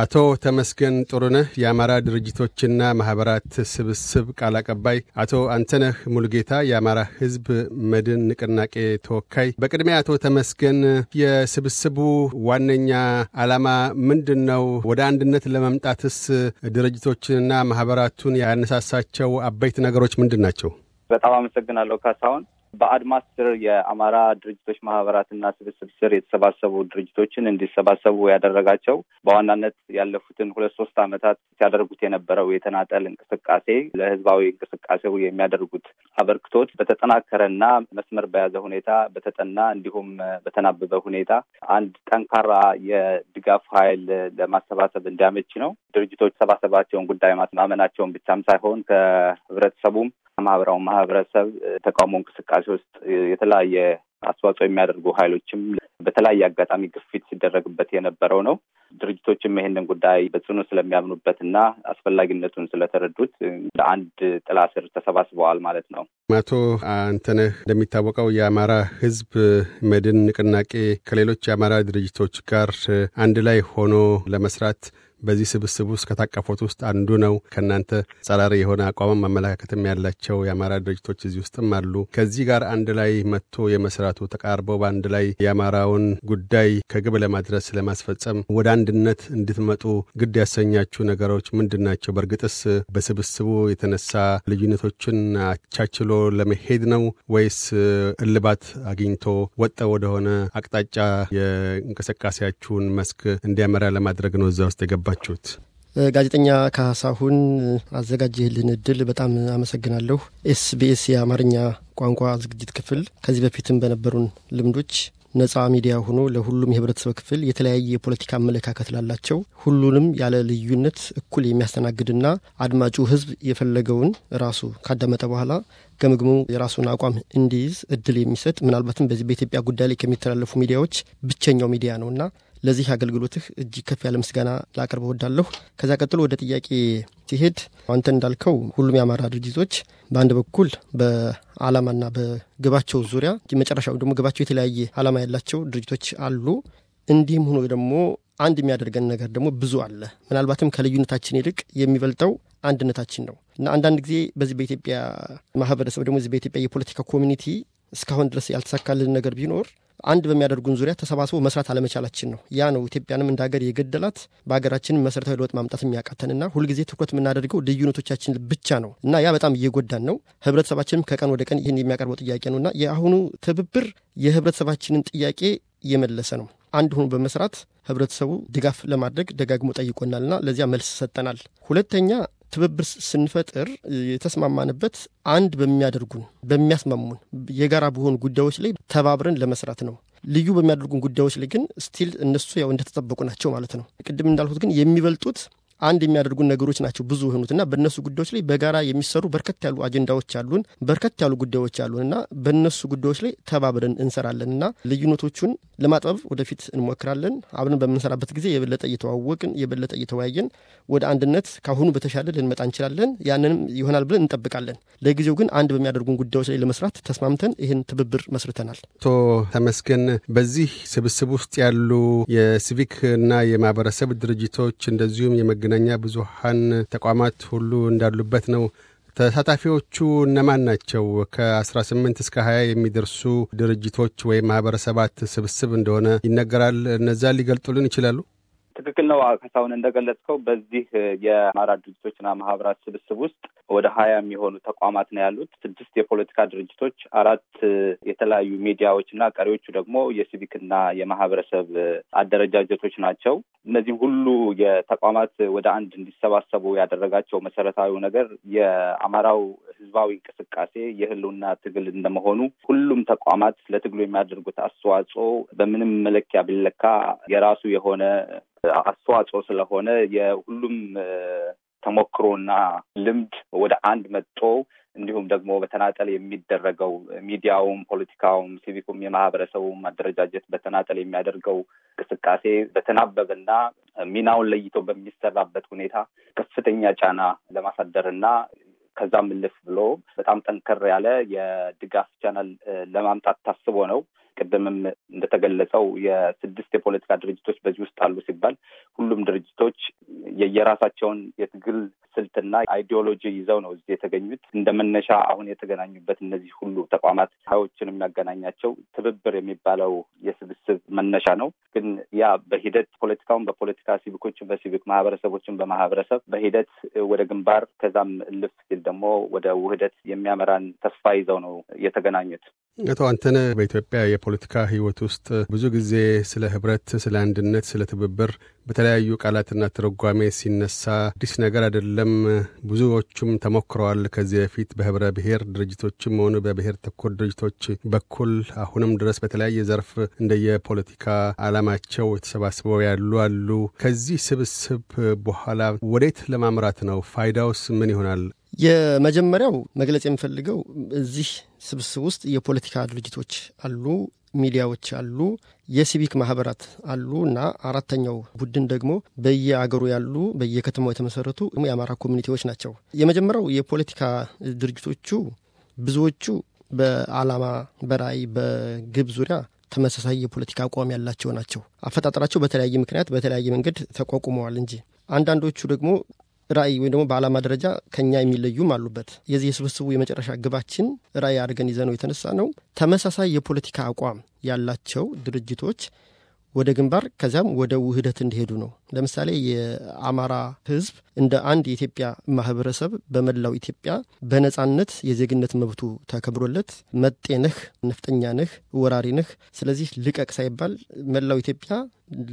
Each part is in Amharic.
አቶ ተመስገን ጥሩነህ የአማራ ድርጅቶችና ማኅበራት ስብስብ ቃል አቀባይ፣ አቶ አንተነህ ሙልጌታ የአማራ ሕዝብ መድን ንቅናቄ ተወካይ። በቅድሚያ አቶ ተመስገን የስብስቡ ዋነኛ ዓላማ ምንድን ነው? ወደ አንድነት ለመምጣትስ ድርጅቶችንና ማኅበራቱን ያነሳሳቸው አበይት ነገሮች ምንድን ናቸው? በጣም አመሰግናለሁ ካሳሁን። በአድማስ ስር የአማራ ድርጅቶች ማህበራትና ስብስብ ስር የተሰባሰቡ ድርጅቶችን እንዲሰባሰቡ ያደረጋቸው በዋናነት ያለፉትን ሁለት ሶስት ዓመታት ሲያደርጉት የነበረው የተናጠል እንቅስቃሴ ለህዝባዊ እንቅስቃሴው የሚያደርጉት አበርክቶት በተጠናከረና መስመር በያዘ ሁኔታ በተጠና እንዲሁም በተናበበ ሁኔታ አንድ ጠንካራ የድጋፍ ኃይል ለማሰባሰብ እንዲያመች ነው። ድርጅቶች ሰባሰባቸውን ጉዳይ ማመናቸውን ብቻም ሳይሆን ከህብረተሰቡም ከማህበራዊ ማህበረሰብ ተቃውሞ እንቅስቃሴ ውስጥ የተለያየ አስተዋጽኦ የሚያደርጉ ሀይሎችም በተለያየ አጋጣሚ ግፊት ሲደረግበት የነበረው ነው። ድርጅቶችም ይህንን ጉዳይ በጽኑ ስለሚያምኑበት እና አስፈላጊነቱን ስለተረዱት ለአንድ ጥላ ስር ተሰባስበዋል ማለት ነው። አቶ አንተነህ እንደሚታወቀው የአማራ ህዝብ መድን ንቅናቄ ከሌሎች የአማራ ድርጅቶች ጋር አንድ ላይ ሆኖ ለመስራት በዚህ ስብስብ ውስጥ ከታቀፉት ውስጥ አንዱ ነው። ከእናንተ ጸራሪ የሆነ አቋምም አመለካከትም ያላቸው የአማራ ድርጅቶች እዚህ ውስጥም አሉ። ከዚህ ጋር አንድ ላይ መጥቶ የመስራቱ ተቃርበው በአንድ ላይ የአማራውን ጉዳይ ከግብ ለማድረስ ለማስፈጸም ወደ አንድነት እንድትመጡ ግድ ያሰኛችሁ ነገሮች ምንድን ናቸው? በእርግጥስ በስብስቡ የተነሳ ልዩነቶችን አቻችሎ ለመሄድ ነው ወይስ እልባት አግኝቶ ወጠ ወደሆነ አቅጣጫ የእንቅስቃሴያችሁን መስክ እንዲያመራ ለማድረግ ነው እዛ ውስጥ የገባ ያለባችሁት? ጋዜጠኛ ካሳሁን አዘጋጀህልን እድል በጣም አመሰግናለሁ። ኤስቢኤስ የአማርኛ ቋንቋ ዝግጅት ክፍል ከዚህ በፊትም በነበሩን ልምዶች ነጻ ሚዲያ ሆኖ ለሁሉም የህብረተሰብ ክፍል የተለያየ የፖለቲካ አመለካከት ላላቸው ሁሉንም ያለ ልዩነት እኩል የሚያስተናግድና አድማጩ ህዝብ የፈለገውን ራሱ ካዳመጠ በኋላ ገምግሞ የራሱን አቋም እንዲይዝ እድል የሚሰጥ ምናልባትም በዚህ በኢትዮጵያ ጉዳይ ላይ ከሚተላለፉ ሚዲያዎች ብቸኛው ሚዲያ ነውና ለዚህ አገልግሎትህ እጅግ ከፍ ያለ ምስጋና ላቀርብ ወዳለሁ ከዛ ቀጥሎ ወደ ጥያቄ ሲሄድ አንተ እንዳልከው ሁሉም የአማራ ድርጅቶች በአንድ በኩል በአላማና በግባቸው ዙሪያ መጨረሻው ደግሞ ግባቸው የተለያየ አላማ ያላቸው ድርጅቶች አሉ። እንዲህም ሆኖ ደግሞ አንድ የሚያደርገን ነገር ደግሞ ብዙ አለ። ምናልባትም ከልዩነታችን ይልቅ የሚበልጠው አንድነታችን ነው እና አንዳንድ ጊዜ በዚህ በኢትዮጵያ ማህበረሰብ ደግሞ በኢትዮጵያ የፖለቲካ ኮሚኒቲ እስካሁን ድረስ ያልተሳካልን ነገር ቢኖር አንድ በሚያደርጉን ዙሪያ ተሰባስቦ መስራት አለመቻላችን ነው። ያ ነው ኢትዮጵያንም እንደ ሀገር የገደላት በሀገራችን መሰረታዊ ለውጥ ማምጣት የሚያቃተንና ሁልጊዜ ትኩረት የምናደርገው ልዩነቶቻችን ብቻ ነው እና ያ በጣም እየጎዳን ነው። ህብረተሰባችንም ከቀን ወደ ቀን ይህን የሚያቀርበው ጥያቄ ነው እና የአሁኑ ትብብር የህብረተሰባችንን ጥያቄ እየመለሰ ነው። አንድ ሆኖ በመስራት ህብረተሰቡ ድጋፍ ለማድረግ ደጋግሞ ጠይቆናልና ለዚያ መልስ ሰጠናል። ሁለተኛ ትብብር ስንፈጥር የተስማማንበት አንድ በሚያደርጉን በሚያስማሙን የጋራ በሆኑ ጉዳዮች ላይ ተባብረን ለመስራት ነው። ልዩ በሚያደርጉን ጉዳዮች ላይ ግን ስቲል እነሱ ያው እንደተጠበቁ ናቸው ማለት ነው። ቅድም እንዳልኩት ግን የሚበልጡት አንድ የሚያደርጉን ነገሮች ናቸው ብዙ እና በእነሱ ጉዳዮች ላይ በጋራ የሚሰሩ በርከት ያሉ አጀንዳዎች አሉን፣ በርከት ያሉ ጉዳዮች አሉን እና በእነሱ ጉዳዮች ላይ ተባብረን እንሰራለን እና ልዩነቶቹን ለማጥበብ ወደፊት እንሞክራለን። አብረን በምንሰራበት ጊዜ የበለጠ እየተዋወቅን የበለጠ እየተወያየን ወደ አንድነት ካሁኑ በተሻለ ልንመጣ እንችላለን። ያንንም ይሆናል ብለን እንጠብቃለን። ለጊዜው ግን አንድ በሚያደርጉን ጉዳዮች ላይ ለመስራት ተስማምተን ይህን ትብብር መስርተናል። ቶ ተመስገን በዚህ ስብስብ ውስጥ ያሉ የሲቪክ እና የማህበረሰብ ድርጅቶች እንደዚሁም የመገ መገናኛ ብዙሃን ተቋማት ሁሉ እንዳሉበት ነው። ተሳታፊዎቹ እነማን ናቸው? ከ18 እስከ 20 የሚደርሱ ድርጅቶች ወይም ማህበረሰባት ስብስብ እንደሆነ ይነገራል። እነዛ ሊገልጡልን ይችላሉ? ትክክል ነው ካሳሁን፣ እንደገለጽከው በዚህ የአማራ ድርጅቶችና ማህበራት ስብስብ ውስጥ ወደ ሀያ የሚሆኑ ተቋማት ነው ያሉት። ስድስት የፖለቲካ ድርጅቶች፣ አራት የተለያዩ ሚዲያዎች እና ቀሪዎቹ ደግሞ የሲቪክና የማህበረሰብ አደረጃጀቶች ናቸው። እነዚህ ሁሉ የተቋማት ወደ አንድ እንዲሰባሰቡ ያደረጋቸው መሰረታዊ ነገር የአማራው ህዝባዊ እንቅስቃሴ የህልውና ትግል እንደመሆኑ ሁሉም ተቋማት ለትግሉ የሚያደርጉት አስተዋጽኦ በምንም መለኪያ ቢለካ የራሱ የሆነ አስተዋጽኦ ስለሆነ የሁሉም ተሞክሮና ልምድ ወደ አንድ መጥቶ እንዲሁም ደግሞ በተናጠል የሚደረገው ሚዲያውም፣ ፖለቲካውም፣ ሲቪኩም፣ የማህበረሰቡም አደረጃጀት በተናጠል የሚያደርገው እንቅስቃሴ በተናበበና ሚናውን ለይቶ በሚሰራበት ሁኔታ ከፍተኛ ጫና ለማሳደርና ከዛም እልፍ ብሎ በጣም ጠንከር ያለ የድጋፍ ቻናል ለማምጣት ታስቦ ነው። ቅድምም እንደተገለጸው የስድስት የፖለቲካ ድርጅቶች በዚህ ውስጥ አሉ ሲባል ሁሉም ድርጅቶች የየራሳቸውን የትግል ስልትና አይዲዮሎጂ ይዘው ነው እዚህ የተገኙት። እንደ መነሻ አሁን የተገናኙበት እነዚህ ሁሉ ተቋማት ሀዮችን የሚያገናኛቸው ትብብር የሚባለው የስብስብ መነሻ ነው። ግን ያ በሂደት ፖለቲካውን በፖለቲካ ሲቪኮችን በሲቪክ ማህበረሰቦችን በማህበረሰብ በሂደት ወደ ግንባር ከዛም እልፍ ሲል ደግሞ ወደ ውህደት የሚያመራን ተስፋ ይዘው ነው የተገናኙት። አቶ አንተነ በኢትዮጵያ የፖለቲካ ህይወት ውስጥ ብዙ ጊዜ ስለ ህብረት፣ ስለ አንድነት፣ ስለ ትብብር በተለያዩ ቃላትና ትርጓሜ ሲነሳ አዲስ ነገር አይደለም። ብዙዎቹም ተሞክረዋል ከዚህ በፊት በህብረ ብሔር ድርጅቶችም ሆኑ በብሔር ተኮር ድርጅቶች በኩል አሁንም ድረስ በተለያየ ዘርፍ እንደየፖለቲካ አላማቸው የተሰባስበው ያሉ አሉ። ከዚህ ስብስብ በኋላ ወዴት ለማምራት ነው? ፋይዳውስ ምን ይሆናል? የመጀመሪያው መግለጽ የምፈልገው እዚህ ስብስብ ውስጥ የፖለቲካ ድርጅቶች አሉ፣ ሚዲያዎች አሉ፣ የሲቪክ ማህበራት አሉ እና አራተኛው ቡድን ደግሞ በየአገሩ ያሉ በየከተማው የተመሰረቱ የአማራ ኮሚኒቲዎች ናቸው። የመጀመሪያው የፖለቲካ ድርጅቶቹ ብዙዎቹ በአላማ በራዕይ በግብ ዙሪያ ተመሳሳይ የፖለቲካ አቋም ያላቸው ናቸው። አፈጣጠራቸው በተለያየ ምክንያት በተለያየ መንገድ ተቋቁመዋል እንጂ አንዳንዶቹ ደግሞ ራዕይ ወይም ደግሞ በዓላማ ደረጃ ከኛ የሚለዩም አሉበት። የዚህ የስብስቡ የመጨረሻ ግባችን ራዕይ አድርገን ይዘነው የተነሳ ነው ተመሳሳይ የፖለቲካ አቋም ያላቸው ድርጅቶች ወደ ግንባር ከዚያም ወደ ውህደት እንዲሄዱ ነው። ለምሳሌ የአማራ ሕዝብ እንደ አንድ የኢትዮጵያ ማህበረሰብ በመላው ኢትዮጵያ በነጻነት የዜግነት መብቱ ተከብሮለት መጤ ነህ፣ ነፍጠኛ ነህ፣ ወራሪ ነህ፣ ስለዚህ ልቀቅ ሳይባል መላው ኢትዮጵያ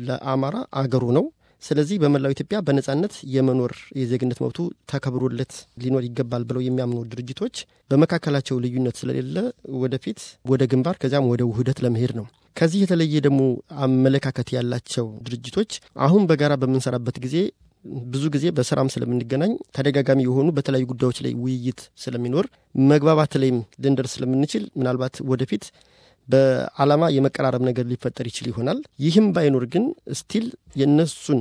ለአማራ አገሩ ነው ስለዚህ በመላው ኢትዮጵያ በነጻነት የመኖር የዜግነት መብቱ ተከብሮለት ሊኖር ይገባል ብለው የሚያምኑ ድርጅቶች በመካከላቸው ልዩነት ስለሌለ ወደፊት ወደ ግንባር ከዚያም ወደ ውህደት ለመሄድ ነው። ከዚህ የተለየ ደግሞ አመለካከት ያላቸው ድርጅቶች አሁን በጋራ በምንሰራበት ጊዜ ብዙ ጊዜ በስራም ስለምንገናኝ ተደጋጋሚ የሆኑ በተለያዩ ጉዳዮች ላይ ውይይት ስለሚኖር መግባባት ላይም ልንደርስ ስለምንችል ምናልባት ወደፊት በዓላማ የመቀራረብ ነገር ሊፈጠር ይችል ይሆናል። ይህም ባይኖር ግን ስቲል የእነሱን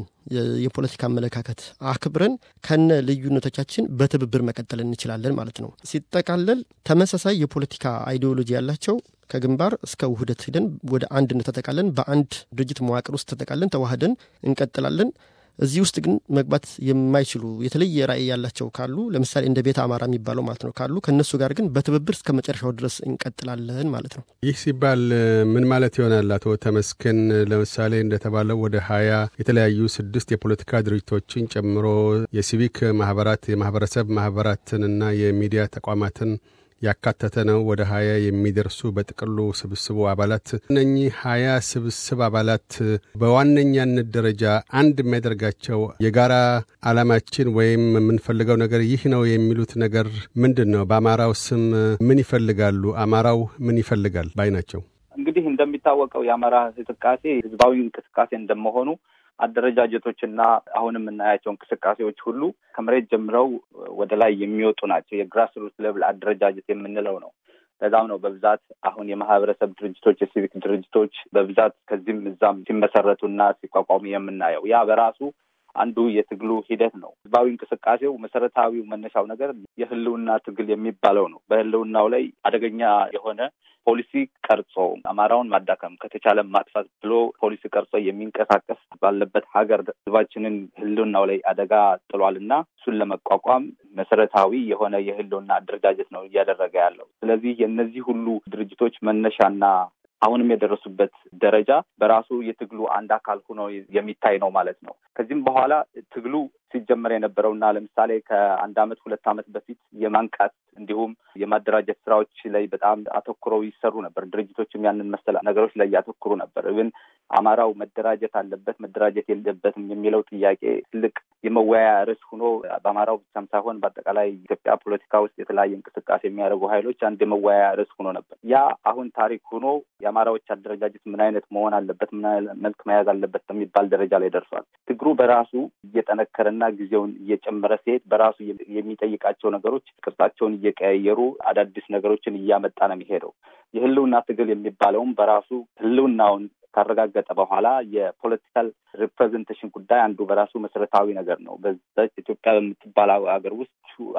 የፖለቲካ አመለካከት አክብረን ከነ ልዩነቶቻችን በትብብር መቀጠል እንችላለን ማለት ነው። ሲጠቃለል ተመሳሳይ የፖለቲካ አይዲዮሎጂ ያላቸው ከግንባር እስከ ውህደት ሂደን ወደ አንድነት ተጠቃለን፣ በአንድ ድርጅት መዋቅር ውስጥ ተጠቃለን፣ ተዋህደን እንቀጥላለን። እዚህ ውስጥ ግን መግባት የማይችሉ የተለየ ራእይ ያላቸው ካሉ ለምሳሌ እንደ ቤት አማራ የሚባለው ማለት ነው ካሉ ከእነሱ ጋር ግን በትብብር እስከ መጨረሻው ድረስ እንቀጥላለን ማለት ነው። ይህ ሲባል ምን ማለት ይሆናል? አቶ ተመስክን ለምሳሌ እንደተባለው ወደ ሀያ የተለያዩ ስድስት የፖለቲካ ድርጅቶችን ጨምሮ የሲቪክ ማህበራት፣ የማህበረሰብ ማህበራትንና የሚዲያ ተቋማትን ያካተተ ነው። ወደ ሀያ የሚደርሱ በጥቅሉ ስብስቡ አባላት እነኚህ ሀያ ስብስብ አባላት በዋነኛነት ደረጃ አንድ የሚያደርጋቸው የጋራ አላማችን ወይም የምንፈልገው ነገር ይህ ነው የሚሉት ነገር ምንድን ነው? በአማራው ስም ምን ይፈልጋሉ? አማራው ምን ይፈልጋል ባይ ናቸው። እንግዲህ እንደሚታወቀው የአማራ እንቅስቃሴ ህዝባዊ እንቅስቃሴ እንደመሆኑ አደረጃጀቶችና አሁን የምናያቸው እንቅስቃሴዎች ሁሉ ከመሬት ጀምረው ወደ ላይ የሚወጡ ናቸው። የግራስ ሩት ሌቭል አደረጃጀት የምንለው ነው። ለዛም ነው በብዛት አሁን የማህበረሰብ ድርጅቶች የሲቪክ ድርጅቶች በብዛት ከዚህም እዛም ሲመሰረቱና ሲቋቋሙ የምናየው ያ በራሱ አንዱ የትግሉ ሂደት ነው። ህዝባዊ እንቅስቃሴው መሰረታዊው መነሻው ነገር የህልውና ትግል የሚባለው ነው። በህልውናው ላይ አደገኛ የሆነ ፖሊሲ ቀርጾ አማራውን ማዳከም ከተቻለ ማጥፋት ብሎ ፖሊሲ ቀርጾ የሚንቀሳቀስ ባለበት ሀገር ህዝባችንን ህልውናው ላይ አደጋ ጥሏል እና እሱን ለመቋቋም መሰረታዊ የሆነ የህልውና አደረጃጀት ነው እያደረገ ያለው። ስለዚህ የእነዚህ ሁሉ ድርጅቶች መነሻና አሁንም የደረሱበት ደረጃ በራሱ የትግሉ አንድ አካል ሆኖ የሚታይ ነው ማለት ነው። ከዚህም በኋላ ትግሉ ሲጀመር የነበረውና ለምሳሌ ከአንድ አመት ሁለት አመት በፊት የማንቃት እንዲሁም የማደራጀት ስራዎች ላይ በጣም አተኩረው ይሰሩ ነበር። ድርጅቶችም ያንን መሰል ነገሮች ላይ ያተኩሩ ነበር። ግን አማራው መደራጀት አለበት መደራጀት የለበትም የሚለው ጥያቄ ትልቅ የመወያያ ርዕስ ሆኖ በአማራው ብቻም ሳይሆን በአጠቃላይ ኢትዮጵያ ፖለቲካ ውስጥ የተለያየ እንቅስቃሴ የሚያደርጉ ኃይሎች አንድ የመወያያ ርዕስ ሆኖ ነበር። ያ አሁን ታሪክ ሆኖ የአማራዎች አደረጃጀት ምን አይነት መሆን አለበት፣ ምን መልክ መያዝ አለበት በሚባል ደረጃ ላይ ደርሷል። ትግሩ በራሱ እየጠነከረ እና ጊዜውን እየጨመረ ሲሄድ በራሱ የሚጠይቃቸው ነገሮች ቅርጻቸውን እየቀያየሩ አዳዲስ ነገሮችን እያመጣ ነው የሚሄደው። የህልውና ትግል የሚባለውም በራሱ ህልውናውን ካረጋገጠ በኋላ የፖለቲካል ሪፕሬዘንቴሽን ጉዳይ አንዱ በራሱ መሰረታዊ ነገር ነው። በዛች ኢትዮጵያ በምትባል ሀገር ውስጥ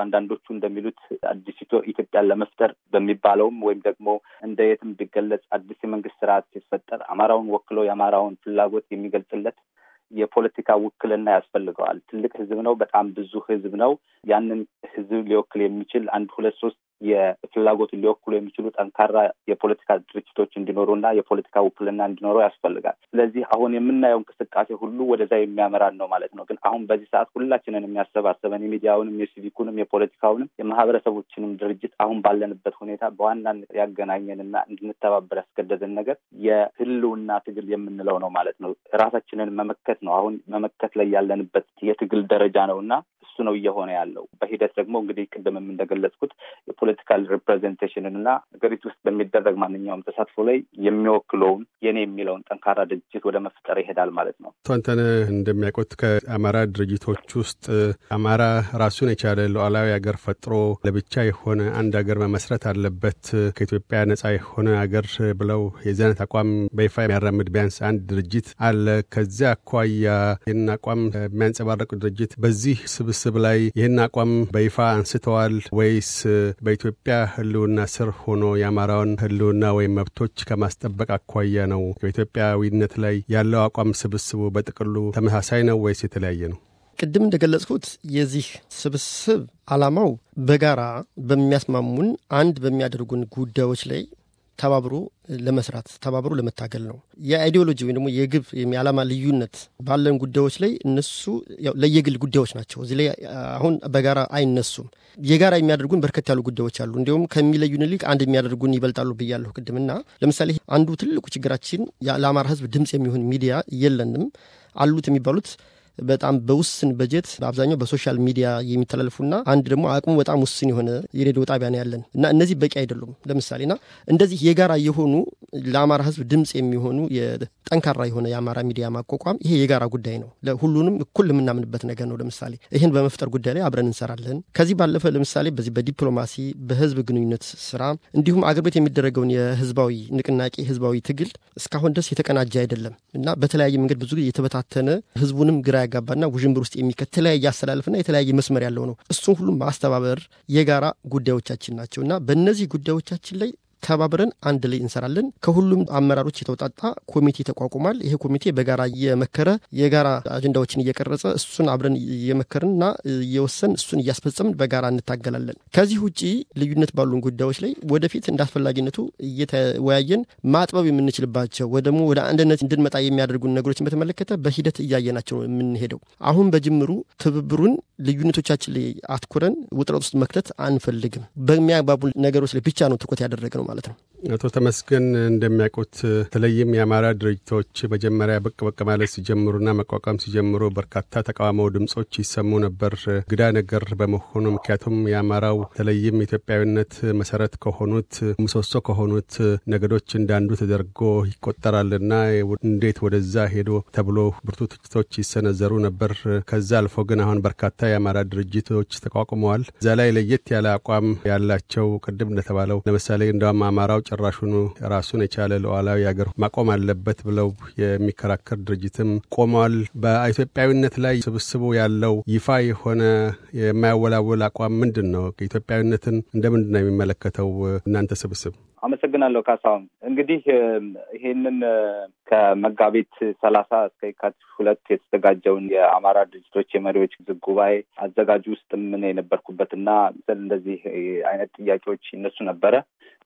አንዳንዶቹ እንደሚሉት አዲስ ኢትዮጵያን ለመፍጠር በሚባለውም ወይም ደግሞ እንደ የትም ቢገለጽ አዲስ የመንግስት ስርዓት ሲፈጠር አማራውን ወክሎ የአማራውን ፍላጎት የሚገልጽለት የፖለቲካ ውክልና ያስፈልገዋል። ትልቅ ህዝብ ነው። በጣም ብዙ ህዝብ ነው። ያንን ህዝብ ሊወክል የሚችል አንድ ሁለት ሶስት የፍላጎት ሊወክሉ የሚችሉ ጠንካራ የፖለቲካ ድርጅቶች እንዲኖሩ እና የፖለቲካ ውክልና እንዲኖረው ያስፈልጋል። ስለዚህ አሁን የምናየው እንቅስቃሴ ሁሉ ወደዛ የሚያመራን ነው ማለት ነው። ግን አሁን በዚህ ሰዓት ሁላችንን የሚያሰባሰበን የሚዲያውንም፣ የሲቪኩንም፣ የፖለቲካውንም የማህበረሰቦችንም ድርጅት አሁን ባለንበት ሁኔታ በዋናነት ያገናኘን እና እንድንተባበር ያስገደደን ነገር የህልውና ትግል የምንለው ነው ማለት ነው። ራሳችንን መመከት ነው። አሁን መመከት ላይ ያለንበት የትግል ደረጃ ነው እና እሱ ነው እየሆነ ያለው። በሂደት ደግሞ እንግዲህ ቅድምም እንደገለጽኩት ፖለቲካል ሪፕሬዘንቴሽንን እና ሀገሪቱ ውስጥ በሚደረግ ማንኛውም ተሳትፎ ላይ የሚወክለውን የኔ የሚለውን ጠንካራ ድርጅት ወደ መፍጠር ይሄዳል ማለት ነው። አቶ እንደሚያውቁት ከአማራ ድርጅቶች ውስጥ አማራ ራሱን የቻለ ሉዓላዊ ሀገር ፈጥሮ ለብቻ የሆነ አንድ ሀገር መመስረት አለበት ከኢትዮጵያ ነጻ የሆነ ሀገር ብለው የዘነት አቋም በይፋ የሚያራምድ ቢያንስ አንድ ድርጅት አለ። ከዚያ አኳያ ይህን አቋም የሚያንጸባረቁ ድርጅት በዚህ ስብስብ ላይ ይህን አቋም በይፋ አንስተዋል ወይስ በኢትዮጵያ ህልውና ስር ሆኖ የአማራውን ህልውና ወይም መብቶች ከማስጠበቅ አኳያ ነው በኢትዮጵያዊነት ላይ ያለው አቋም ስብስቡ በጥቅሉ ተመሳሳይ ነው ወይስ የተለያየ ነው? ቅድም እንደገለጽኩት የዚህ ስብስብ ዓላማው በጋራ በሚያስማሙን አንድ በሚያደርጉን ጉዳዮች ላይ ተባብሮ ለመስራት ተባብሮ ለመታገል ነው። የአይዲዮሎጂ ወይም ደግሞ የግብ የዓላማ ልዩነት ባለን ጉዳዮች ላይ እነሱ ለየግል ጉዳዮች ናቸው። እዚህ ላይ አሁን በጋራ አይነሱም። የጋራ የሚያደርጉን በርከት ያሉ ጉዳዮች አሉ። እንዲሁም ከሚለዩን ይልቅ አንድ የሚያደርጉን ይበልጣሉ ብያለሁ ቅድም እና ለምሳሌ አንዱ ትልቁ ችግራችን ለአማራ ሕዝብ ድምፅ የሚሆን ሚዲያ የለንም አሉት የሚባሉት በጣም በውስን በጀት በአብዛኛው በሶሻል ሚዲያ የሚተላለፉና አንድ ደግሞ አቅሙ በጣም ውስን የሆነ የሬዲዮ ጣቢያ ነው ያለን እና እነዚህ በቂ አይደሉም። ለምሳሌ ና እንደዚህ የጋራ የሆኑ ለአማራ ህዝብ ድምፅ የሚሆኑ ጠንካራ የሆነ የአማራ ሚዲያ ማቋቋም ይሄ የጋራ ጉዳይ ነው። ለሁሉንም እኩል የምናምንበት ነገር ነው። ለምሳሌ ይህን በመፍጠር ጉዳይ ላይ አብረን እንሰራለን። ከዚህ ባለፈ ለምሳሌ በዚህ በዲፕሎማሲ በህዝብ ግንኙነት ስራ እንዲሁም አገር ቤት የሚደረገውን የህዝባዊ ንቅናቄ ህዝባዊ ትግል እስካሁን ድረስ የተቀናጀ አይደለም እና በተለያየ መንገድ ብዙ የተበታተነ ህዝቡንም ግራ የሚያጋባና ውዥንብር ውስጥ የሚከት የተለያየ አስተላለፍና የተለያየ መስመር ያለው ነው። እሱን ሁሉም ማስተባበር የጋራ ጉዳዮቻችን ናቸው እና በእነዚህ ጉዳዮቻችን ላይ ተባብረን አንድ ላይ እንሰራለን። ከሁሉም አመራሮች የተውጣጣ ኮሚቴ ተቋቁሟል። ይሄ ኮሚቴ በጋራ እየመከረ የጋራ አጀንዳዎችን እየቀረጸ እሱን አብረን እየመከርንና እየወሰን እሱን እያስፈጸምን በጋራ እንታገላለን። ከዚህ ውጪ ልዩነት ባሉን ጉዳዮች ላይ ወደፊት እንደ አስፈላጊነቱ እየተወያየን ማጥበብ የምንችልባቸው ወደሞ ደግሞ ወደ አንድነት እንድንመጣ የሚያደርጉን ነገሮችን በተመለከተ በሂደት እያየናቸው የምንሄደው አሁን በጅምሩ ትብብሩን ልዩነቶቻችን ላይ አትኩረን ውጥረት ውስጥ መክተት አንፈልግም። በሚያግባቡ ነገሮች ላይ ብቻ ነው ትኩረት ያደረገ ነው ማለት ነው። አቶ ተመስገን እንደሚያውቁት በተለይም የአማራ ድርጅቶች መጀመሪያ ብቅ ብቅ ማለት ሲጀምሩና መቋቋም ሲጀምሩ በርካታ ተቃውሞ ድምጾች ይሰሙ ነበር። ግዳ ነገር በመሆኑ ምክንያቱም የአማራው በተለይም ኢትዮጵያዊነት መሰረት ከሆኑት ምሰሶ ከሆኑት ነገዶች እንዳንዱ ተደርጎ ይቆጠራልና እንዴት ወደዛ ሄዶ ተብሎ ብርቱ ትችቶች ይሰነዘሩ ነበር። ከዛ አልፎ ግን አሁን በርካታ የአማራ ድርጅቶች ተቋቁመዋል። እዛ ላይ ለየት ያለ አቋም ያላቸው ቅድም እንደተባለው ለምሳሌ እንደውም አማራው ጭራሹኑ ራሱን የቻለ ሉዓላዊ ሀገር ማቆም አለበት ብለው የሚከራከር ድርጅትም ቆመዋል። በኢትዮጵያዊነት ላይ ስብስቡ ያለው ይፋ የሆነ የማያወላወል አቋም ምንድን ነው? ኢትዮጵያዊነትን እንደምንድን ነው የሚመለከተው እናንተ ስብስብ? አመሰግናለሁ ካሳሁን። እንግዲህ ይሄንን ከመጋቢት ሰላሳ እስከ የካቲት ሁለት የተዘጋጀውን የአማራ ድርጅቶች የመሪዎች ዝግ ጉባኤ አዘጋጅ ውስጥ ምን የነበርኩበትና እንደዚህ አይነት ጥያቄዎች ይነሱ ነበረ።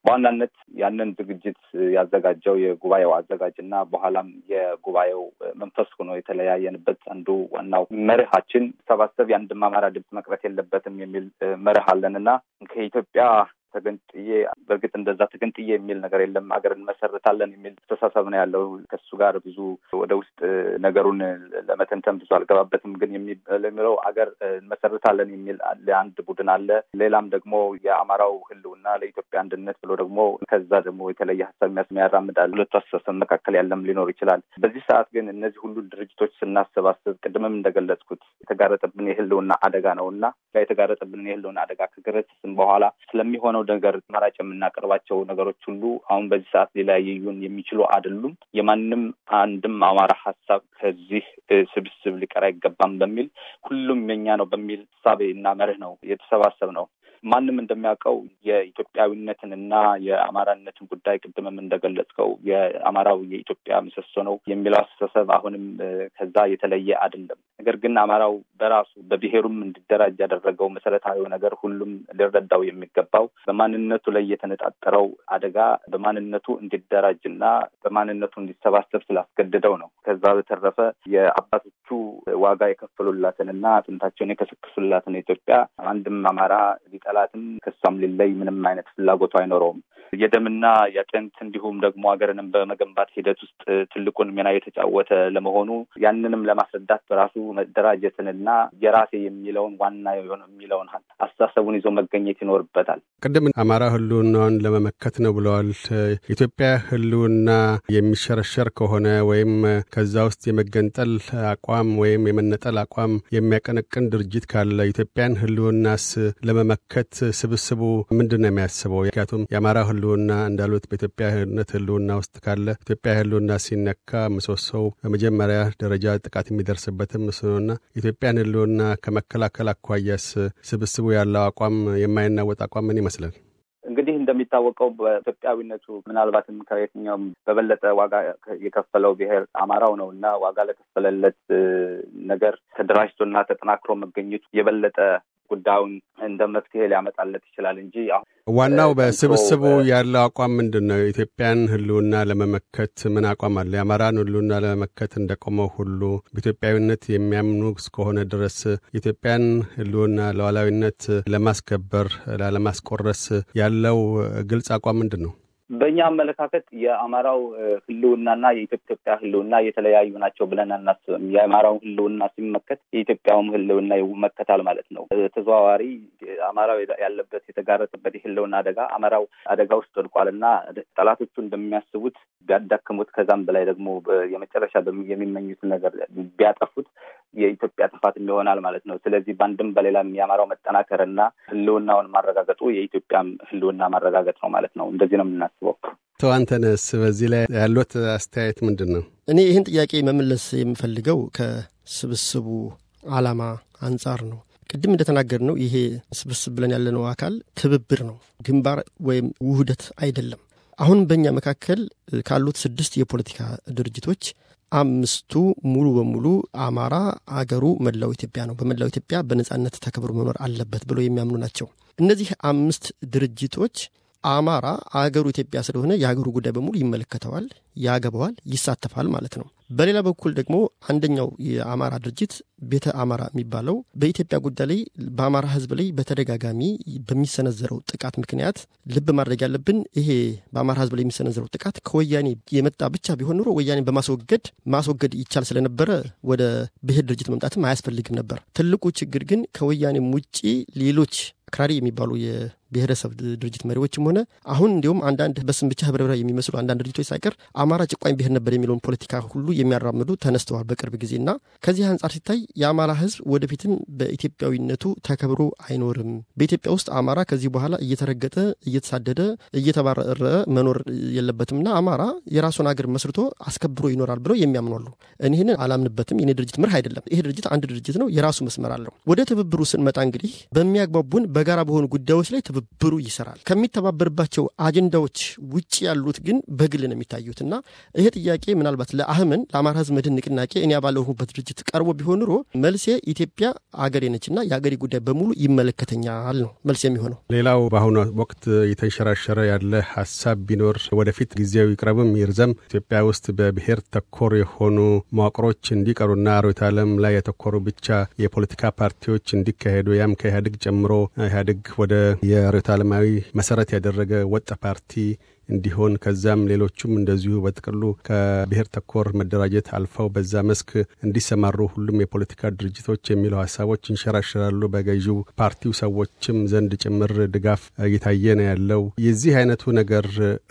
በዋናነት ያንን ዝግጅት ያዘጋጀው የጉባኤው አዘጋጅ እና በኋላም የጉባኤው መንፈስ ሆኖ የተለያየንበት አንዱ ዋናው መርሃችን ሰባሰብ የአንድም አማራ ድምፅ መቅረት የለበትም የሚል መርህ እና ከኢትዮጵያ ተገንጥዬ በእርግጥ እንደዛ ተገንጥዬ የሚል ነገር የለም። ሀገር እንመሰርታለን የሚል አስተሳሰብ ነው ያለው። ከሱ ጋር ብዙ ወደ ውስጥ ነገሩን ለመተንተን ብዙ አልገባበትም። ግን የሚለው አገር እንመሰርታለን የሚል አንድ ቡድን አለ። ሌላም ደግሞ የአማራው ህልውና ለኢትዮጵያ አንድነት ብሎ ደግሞ ከዛ ደግሞ የተለየ ሀሳብ የሚያራምዳል። ሁለቱ አስተሳሰብ መካከል ያለም ሊኖር ይችላል። በዚህ ሰዓት ግን እነዚህ ሁሉ ድርጅቶች ስናሰባስብ ቅድምም እንደገለጽኩት የተጋረጠብን የህልውና አደጋ ነው እና የተጋረጠብንን የህልውና አደጋ ከገረሰስን በኋላ ስለሚሆነው ነው ነገር መራጭ የምናቀርባቸው ነገሮች ሁሉ አሁን በዚህ ሰዓት ሊለያዩን የሚችሉ አይደሉም። የማንም አንድም አማራ ሀሳብ ከዚህ ስብስብ ሊቀር አይገባም በሚል ሁሉም የኛ ነው በሚል ሳቤ እና መርህ ነው የተሰባሰብ ነው። ማንም እንደሚያውቀው የኢትዮጵያዊነትን እና የአማራነትን ጉዳይ ቅድምም እንደገለጽከው የአማራው የኢትዮጵያ ምሰሶ ነው የሚለው አስተሳሰብ አሁንም ከዛ የተለየ አይደለም። ነገር ግን አማራው በራሱ በብሔሩም እንዲደራጅ ያደረገው መሰረታዊ ነገር ሁሉም ሊረዳው የሚገባው በማንነቱ ላይ የተነጣጠረው አደጋ በማንነቱ እንዲደራጅና በማንነቱ እንዲሰባሰብ ስላስገድደው ነው። ከዛ በተረፈ የአባቶቹ ዋጋ የከፈሉላትንና አጥንታቸውን የከሰከሱላትን ኢትዮጵያ አንድም አማራ ሊጠላትም ከሷም ሊለይ ምንም አይነት ፍላጎቱ አይኖረውም። የደምና የአጥንት እንዲሁም ደግሞ ሀገርንም በመገንባት ሂደት ውስጥ ትልቁን ሚና የተጫወተ ለመሆኑ ያንንም ለማስረዳት በራሱ መደራጀትንና የራሴ የሚለውን ዋና የሆነ የሚለውን አስተሳሰቡን ይዞ መገኘት ይኖርበታል። ቅድም አማራ ህልውናውን ለመመከት ነው ብለዋል። ኢትዮጵያ ህልውና የሚሸረሸር ከሆነ ወይም ከዛ ውስጥ የመገንጠል አቋም ወይም የመነጠል አቋም የሚያቀነቅን ድርጅት ካለ ኢትዮጵያን ህልውናስ ለመመከት ስብስቡ ምንድን ነው የሚያስበው? ምክንያቱም የአማራ ህልውና እንዳሉት በኢትዮጵያነት ህልውና ውስጥ ካለ ኢትዮጵያ ህልውና ሲነካ ምሰሶው በመጀመሪያ ደረጃ ጥቃት የሚደርስበትም ነውና ኢትዮጵያን ሕልውና ከመከላከል አኳያስ ስብስቡ ያለው አቋም የማይናወጥ አቋም ምን ይመስላል? እንግዲህ እንደሚታወቀው በኢትዮጵያዊነቱ ምናልባትም ከየትኛውም በበለጠ ዋጋ የከፈለው ብሔር አማራው ነው እና ዋጋ ለከፈለለት ነገር ተደራጅቶና ተጠናክሮ መገኘቱ የበለጠ ጉዳዩን እንደ መፍትሄ ሊያመጣለት ይችላል እንጂ ዋናው በስብስቡ ያለው አቋም ምንድን ነው? የኢትዮጵያን ህልውና ለመመከት ምን አቋም አለ? የአማራን ህልውና ለመመከት እንደቆመው ሁሉ በኢትዮጵያዊነት የሚያምኑ እስከሆነ ድረስ የኢትዮጵያን ህልውና ለዋላዊነት ለማስከበር ላለማስቆረስ ያለው ግልጽ አቋም ምንድን ነው? በእኛ አመለካከት የአማራው ህልውናና የኢትዮጵያ ህልውና የተለያዩ ናቸው ብለን አናስብም። የአማራውን ህልውና ሲመከት የኢትዮጵያውም ህልውና ይመከታል ማለት ነው። ተዘዋዋሪ አማራው ያለበት የተጋረጠበት የህልውና አደጋ አማራው አደጋ ውስጥ ወድቋል እና ጠላቶቹ እንደሚያስቡት ቢያዳክሙት፣ ከዛም በላይ ደግሞ የመጨረሻ የሚመኙት ነገር ቢያጠፉት የኢትዮጵያ ጥፋት ይሆናል ማለት ነው። ስለዚህ በአንድም በሌላም የአማራው መጠናከርና ህልውናውን ማረጋገጡ የኢትዮጵያም ህልውና ማረጋገጥ ነው ማለት ነው። እንደዚህ ነው የምናስበው። ወቅ አቶ አንተነስ በዚህ ላይ ያሉት አስተያየት ምንድን ነው? እኔ ይህን ጥያቄ መመለስ የምፈልገው ከስብስቡ አላማ አንጻር ነው። ቅድም እንደተናገር ነው ይሄ ስብስብ ብለን ያለነው አካል ትብብር ነው፣ ግንባር ወይም ውህደት አይደለም። አሁን በእኛ መካከል ካሉት ስድስት የፖለቲካ ድርጅቶች አምስቱ ሙሉ በሙሉ አማራ አገሩ መላው ኢትዮጵያ ነው፣ በመላው ኢትዮጵያ በነጻነት ተከብሮ መኖር አለበት ብለው የሚያምኑ ናቸው። እነዚህ አምስት ድርጅቶች አማራ አገሩ ኢትዮጵያ ስለሆነ የሀገሩ ጉዳይ በሙሉ ይመለከተዋል፣ ያገባዋል፣ ይሳተፋል ማለት ነው። በሌላ በኩል ደግሞ አንደኛው የአማራ ድርጅት ቤተ አማራ የሚባለው በኢትዮጵያ ጉዳይ ላይ በአማራ ህዝብ ላይ በተደጋጋሚ በሚሰነዘረው ጥቃት ምክንያት ልብ ማድረግ ያለብን ይሄ በአማራ ህዝብ ላይ የሚሰነዘረው ጥቃት ከወያኔ የመጣ ብቻ ቢሆን ኑሮ ወያኔ በማስወገድ ማስወገድ ይቻል ስለነበረ ወደ ብሄር ድርጅት መምጣትም አያስፈልግም ነበር። ትልቁ ችግር ግን ከወያኔም ውጪ ሌሎች አክራሪ የሚባሉ የብሔረሰብ ድርጅት መሪዎችም ሆነ አሁን እንዲሁም አንዳንድ በስም ብቻ ህብረብራ የሚመስሉ አንዳንድ ድርጅቶች ሳይቀር አማራ ጭቋኝ ብሄር ነበር የሚለውን ፖለቲካ ሁሉ የሚያራምዱ ተነስተዋል በቅርብ ጊዜና ከዚህ አንጻር ሲታይ የአማራ ህዝብ ወደፊትም በኢትዮጵያዊነቱ ተከብሮ አይኖርም። በኢትዮጵያ ውስጥ አማራ ከዚህ በኋላ እየተረገጠ እየተሳደደ እየተባረረ መኖር የለበትምና አማራ የራሱን አገር መስርቶ አስከብሮ ይኖራል ብለው የሚያምኗሉ። አሉ። እኒህንን አላምንበትም። የኔ ድርጅት ምርህ አይደለም። ይሄ ድርጅት አንድ ድርጅት ነው። የራሱ መስመር አለው። ወደ ትብብሩ ስንመጣ እንግዲህ በሚያግባቡን በጋራ በሆኑ ጉዳዮች ላይ ትብብሩ ይሰራል። ከሚተባበርባቸው አጀንዳዎች ውጭ ያሉት ግን በግል ነው የሚታዩትና ይሄ ጥያቄ ምናልባት ለአህመን ለአማራ ህዝብ መድን ንቅናቄ እኔ ባለሁበት ድርጅት ቀርቦ ቢሆን ኑሮ መልሴ ኢትዮጵያ አገሬ ነችና የአገሬ ጉዳይ በሙሉ ይመለከተኛል ነው መልሴ የሚሆነው። ሌላው በአሁኑ ወቅት የተንሸራሸረ ያለ ሀሳብ ቢኖር ወደፊት ጊዜው ይቅረብም ይርዘም ኢትዮጵያ ውስጥ በብሔር ተኮር የሆኑ መዋቅሮች እንዲቀሩና ርዕዮተ ዓለም ላይ የተኮሩ ብቻ የፖለቲካ ፓርቲዎች እንዲካሄዱ ያም ከኢህአዴግ ጨምሮ ኢህአዴግ ወደ የርዕዮተ ዓለማዊ መሰረት ያደረገ ወጥ ፓርቲ እንዲሆን ከዛም ሌሎቹም እንደዚሁ በጥቅሉ ከብሔር ተኮር መደራጀት አልፈው በዛ መስክ እንዲሰማሩ ሁሉም የፖለቲካ ድርጅቶች የሚለው ሀሳቦች እንሸራሸራሉ በገዢው ፓርቲው ሰዎችም ዘንድ ጭምር ድጋፍ እየታየ ነው ያለው። የዚህ አይነቱ ነገር